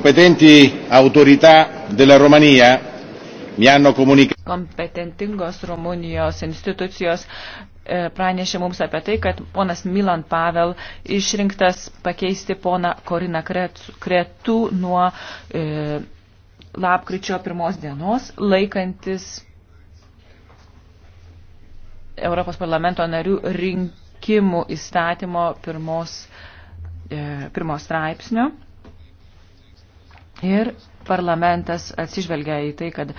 competenti autorità della Romania mi hanno comunicato. Kompetentingos Rumunijos institucijos e, pranešė mums apie tai, kad ponas Milan Pavel išrinktas pakeisti poną Koriną Kretų nuo e, lapkričio pirmos dienos, laikantis Europos parlamento narių rinkimų įstatymo pirmos, e, pirmos straipsnio. Ir parlamentas atsižvelgia į tai, kad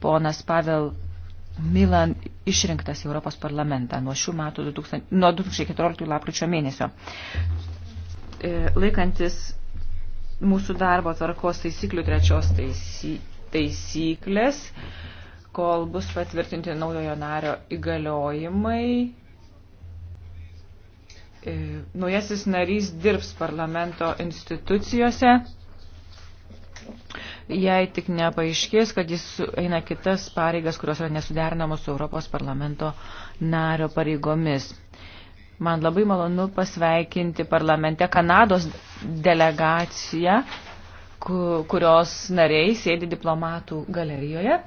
ponas Pavel Milan išrinktas Europos parlamentą nuo šių metų 2000, nuo 2014 lapkričio mėnesio. E, laikantis mūsų darbo tvarkos taisyklių trečios taisy, taisyklės, kol bus patvirtinti naujojo nario įgaliojimai, e, naujasis narys dirbs parlamento institucijose jei tik nepaaiškės, kad jis eina kitas pareigas, kurios yra nesuderinamos su Europos parlamento nario pareigomis. Man labai malonu pasveikinti parlamente Kanados delegaciją, kurios nariai sėdi diplomatų galerijoje.